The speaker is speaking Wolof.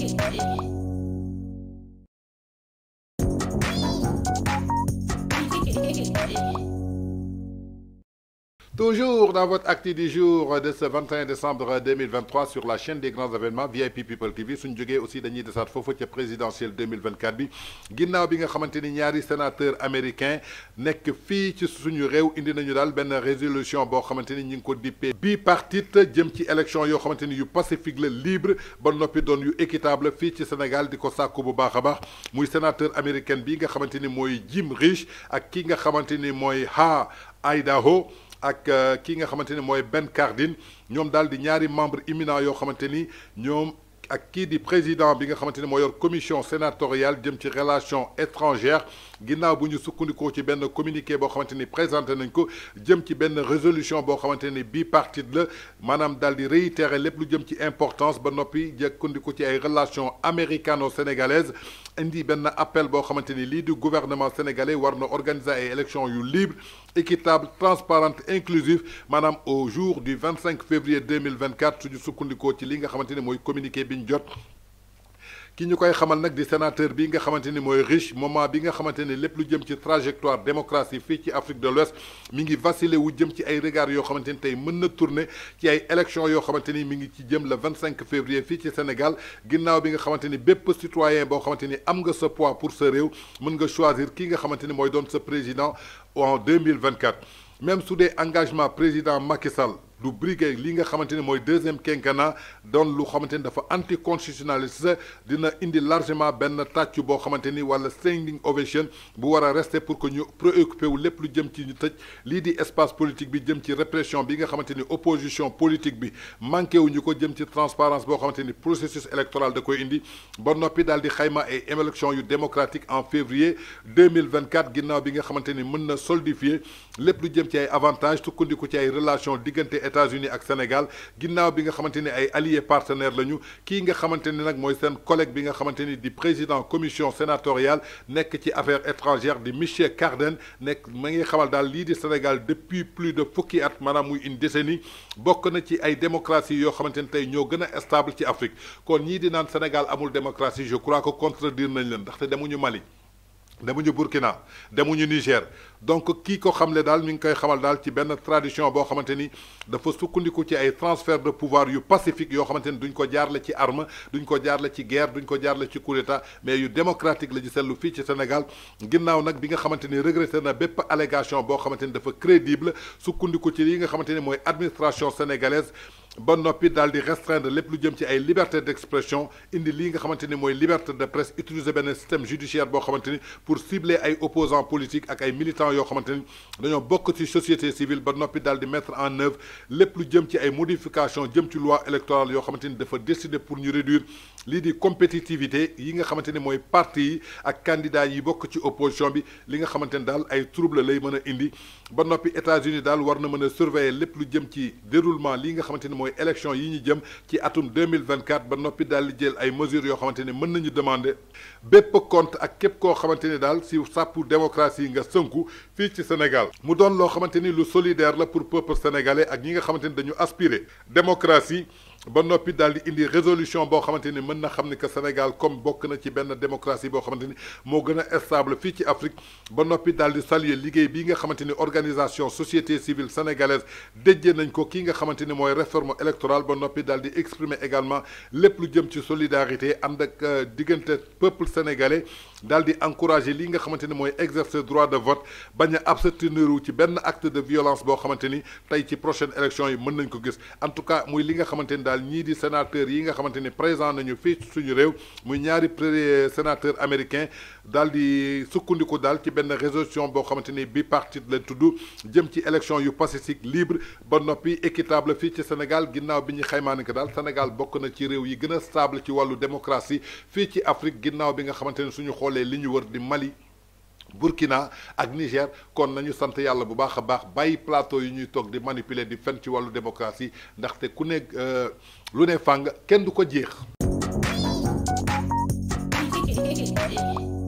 Thank you. Toujours dans votre acte du jour de ce 21 décembre 2023 sur la chaîne des grands événements VIP People TV suñ jógee aussi dañuy desaat foofu ca présidentiel 2024 bi ginnaaw bi nga xamante ñaari sénateur américain nekk fii ci suñu réew indi nañu daal benn résolution boo xamante ni ñu ngi ko dippee bipartite jëm ci élection yoo xamante ni yu pacifique la libre ba noppi doon yu équitable fii ci Sénégal di ko sàkku bu baax a baax sénateur américain bi nga xamante ni Jim Rich ak ki nga xamante ni Ha Idaho ak euh, ki nga xamanteni moy Ben Cardine ñom dal di ñaari membre imminent yo xamanteni ñom ak ki di président bi nga xamanteni ni yor commission sénatoriale jëm ci relations étrangères ginnaw buñu ñu ci ben communiqué vous xamanteni présenté nañ ko jëm ci ben résolution bo xamanteni bipartite madame manam daal di réitérer lepp lu jëm ci importance ba noppi jëkkandiku ci ay relations américano-sénégalaises indi ben appel bo xamanteni li du gouvernement sénégalais war organiser ay élections yu libre équitable transparente inclusive manam au jour du 25 février 2024 suñu sukkandikoo ci li nga xamanteni moy communiqué biñ jot ki ñu xamal nak di sénateur bi nga xamanteni moy riche moment bi nga xamanteni lepp lu jëm ci trajectoire démocratie fi ci Afrique de l'Ouest mi ngi vaciller wu jëm ci ay regards yo xamanteni tay mëna tourner ci ay élections yo xamanteni mi ngi ci jëm le 25 février fi ci Sénégal ginnaw bi nga xamanteni bép bépp citoyen boo xamante am nga ce poids pour ce rew mën nga choisir ki nga xamanteni moy mooy doon président en 2024 même sous des engagements président Macky Sall du briguer li nga xamante moy deuxième quinquennat l'eau lu xamante ni dafa anticonstitutionnaliste dina indi largement ben tàcc bo xamante ni wala standing ovation bu à rester pour que ñu préoccupé wu les lu jëm ci ñu tej di espace politique bi jëm ci répression bi nga xamante opposition politique bi manqué wu ñu ko jëm ci transparence bo xamante processus électoral da koy indi ba nopi dal di xayma ay élection yu démocratique en février 2024 ginnaw bi nga xamante mëna les solidifier lepp lu jëm ci ay avantages tukkandiku ci ay relations digënté États-Unis et Sénégal ginnaaw bi nga xamanteni ay alliés partenaires lañu ki nga xamanteni nak moy sen collègue bi nga xamanteni di président commission sénatoriale nek ci affaires étrangères de Michel Cardin nek ma ngi xamal dal li di Sénégal depuis plus de fukki at à muy une décennie bokk na ci ay démocratie yo xamanteni tay tey ñoo gën stable ci Afrique kon ñi di nan Sénégal amul démocratie je crois que contredire nañ leen demu ñu Mali demuñu Burkina demuñu Niger donc ki ko xamle dal mi ngi koy xamal dal ci benn tradition boo xamante ni dafa sukkandiku ci ay transfert de pouvoir yu pacifique yo xamante duñ ko jaarale ci arme duñ ko jaarale ci guerre duñ ko jaarale ci coup d'état mais yu démocratique la ñu seetlu fii ci Sénégal ginnaw nak bi nga xamante ni regretté na bép allégation bo xamante dafa crédible sukkandiku ci li nga xamante moy administration sénégalaise ba nopi dal di restreindre lepp lu jëm ci ay liberté d'expression indi li nga xamanteni moy liberté de presse utiliser ben système judiciaire bo xamanteni pour cibler ay opposants politiques ak ay militants yo xamanteni dañu bok ci société civile ba nopi dal di mettre en œuvre lepp lu jëm ci ay modification jëm ci loi électorale yo xamanteni dafa décider pour ñu réduire li di compétitivité yi nga xamanteni moy parti ak candidats yi bok ci opposition bi li nga xamanteni dal ay trouble lay mëna indi ba nopi États-Unis dal war na mëna surveiller lepp lu jëm ci déroulement li nga xamanteni moy élection yi ñu jëm ci atum 2024 ba nopi dal di jël ay mesures yo xamanteni mën nañu demander bépp compte ak képp koo xamante ni daal si sàppu démocratie nga sënku fii ci Sénégal mu doon loo xamante ni lu solidaire la pour peuple sénégalais ak ñi nga xamante ni dañu aspirer démocratie ba noppi daal di indi résolution boo xamante ni mën na xam ni que Sénégal comme bokk na ci benn démocratie boo xamante ni moo gën a stable fii ci Afrique ba noppi daal di saluer liggéey bii nga xamante ni organisation société civile sénégalaise déjee nañ ko kii nga xamante ni mooy réforme électorale ba noppi daal di exprimer également lépp lu jëm ci solidarité ànd ak euh, diggante peuple sénégalais daal di encouragé lii nga xamanteni moy exercer droit de vote baña a abstenir ci ben acte de violence bo xamanteni tay ci prochaine élection yi meun nañ ko gis en tout cas moy li nga xamanteni ni ñi di sénateur yi nga xamanteni présent nañu fii suñu réew muy ñaari euh, sénateur américain daal di sukkandiku daal ci ben résolution bo xamanteni ni bipartite lañ tudd jëm ci élection yu pacifique libre ba nopi équitable fi ci Sénégal ginnaw biñu ñu ko dal Sénégal bokk na ci réew yi gëna stable ci walu démocratie fi ci Afrique ginnaw bi nga xamanteni suñu les lignes wër di Mali Burkina ak Niger kon nañu sant à bu baax baax plateau yi ñuy tok di manipuler di fen ci walu démocratie té ku ne euh, lu ne fang kenn du ko